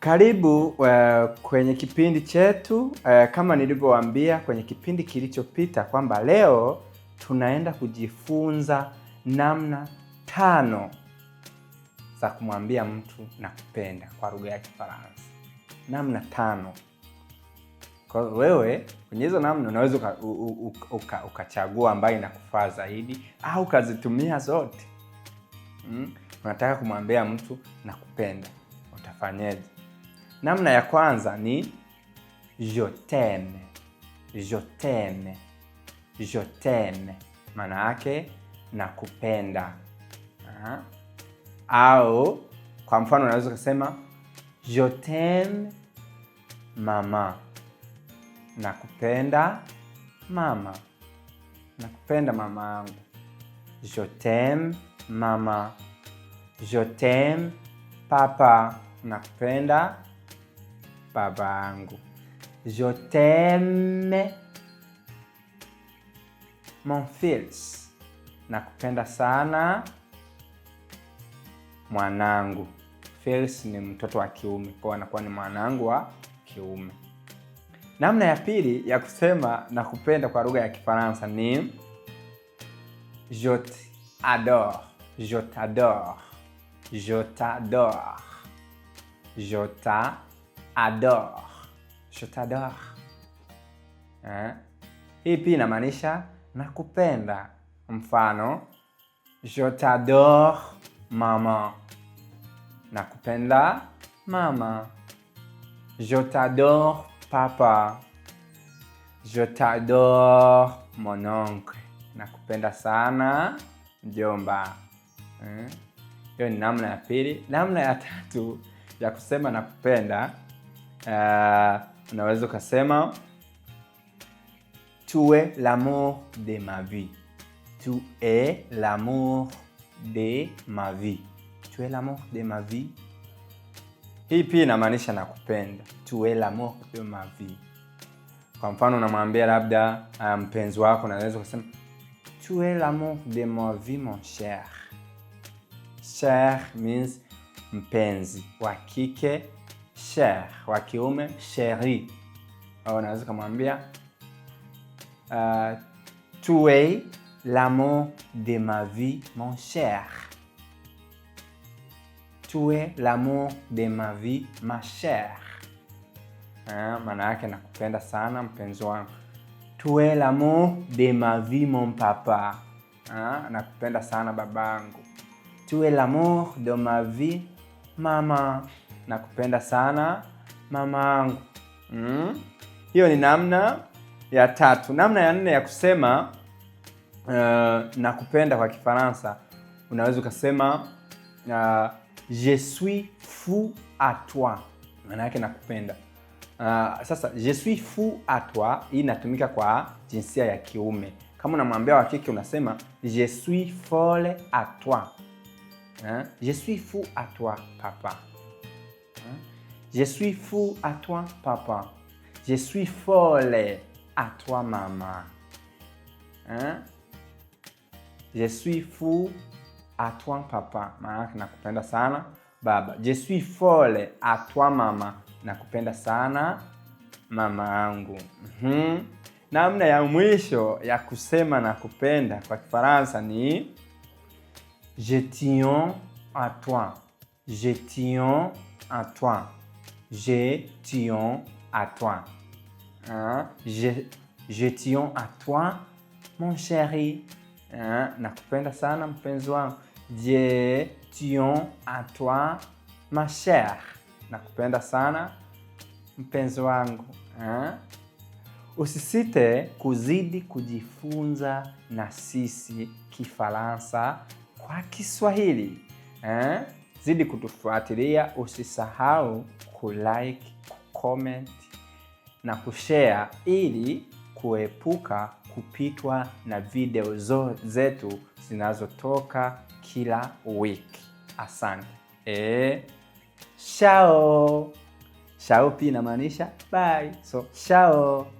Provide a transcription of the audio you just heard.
Karibu uh, kwenye kipindi chetu uh, kama nilivyowaambia kwenye kipindi kilichopita kwamba leo tunaenda kujifunza namna tano za kumwambia mtu na kupenda kwa lugha ya Kifaransa. Namna tano. Kwa wewe kwenye hizo namna unaweza ukachagua uka, uka, ukachagua ambayo inakufaa zaidi au ukazitumia zote. Mm? Unataka kumwambia mtu na kupenda utafanyaje? Namna ya kwanza ni je t'aime, je t'aime, je t'aime, maana yake nakupenda. Aha. Au kwa mfano unaweza kusema je t'aime mama, nakupenda mama, nakupenda mama yangu. Je t'aime mama, je t'aime papa, nakupenda babangu. Je t'aime mon fils, nakupenda sana mwanangu. Fils ni mtoto wa kiume, kwa anakuwa ni mwanangu wa kiume. Namna ya pili ya kusema nakupenda kwa lugha ya Kifaransa ni je t'adore, je t'adore, je t'adore, je adore. Je t'adore. Eh? Hii pia inamaanisha nakupenda. Mfano, je t'adore mama. Nakupenda mama. Je t'adore papa. Je t'adore mon oncle. Nakupenda sana mjomba. Eh? Hiyo eh? ni namna ya pili. Namna ya tatu ya kusema nakupenda uh, unaweza ukasema tu l'amour de ma vie, tu l'amour de ma vie, tu l'amour de ma vie. Hii pia inamaanisha nakupenda, tu es l'amour de ma vie. Kwa mfano unamwambia labda eh, mpenzi um, wako, naweza ukasema tu l'amour de ma vie mon cher. Cher means mpenzi wa kike Cher wa kiume sheri, au unaweza kumwambia uh, tu es l'amour de ma vie mon cher, tu es l'amour de ma vie ma chère. Uh, maana yake nakupenda sana mpenzi wangu. Tu es l'amour de ma vie mon papa, uh, nakupenda sana babangu. Tu es l'amour de ma vie mama nakupenda sana mamangu. Mm. Hiyo ni namna ya tatu. Namna ya nne ya kusema uh, nakupenda kwa Kifaransa unaweza ukasema uh, je suis fou a toi, maana yake nakupenda. Uh, sasa je suis fou a toi hii inatumika kwa jinsia ya kiume. Kama unamwambia wa kike unasema je suis folle a toi. Uh, je suis fou a toi papa. Je suis fou à toi, papa. Je suis folle à toi, maman. Hein? Je suis fou à toi, papa. Maana nakupenda sana baba. Je suis folle à toi, mama. Nakupenda sana mama angu Mm -hmm. Namna ya mwisho ya kusema nakupenda kwa Kifaransa ni je tiens à toi. Je tiens à toi. Je tiens à toi. Hein? Je, je tiens à toi mon chéri. Hein? Nakupenda sana mpenzi wangu. Je tiens à toi ma chère. Nakupenda sana mpenzi wangu. Usisite kuzidi kujifunza na sisi Kifaransa kwa Kiswahili. Hein? Zidi kutufuatilia, usisahau kulike, kucomment na kushare ili kuepuka kupitwa na video zo zetu zinazotoka kila wiki. Asante e, shao shao pia inamaanisha bye, so shao.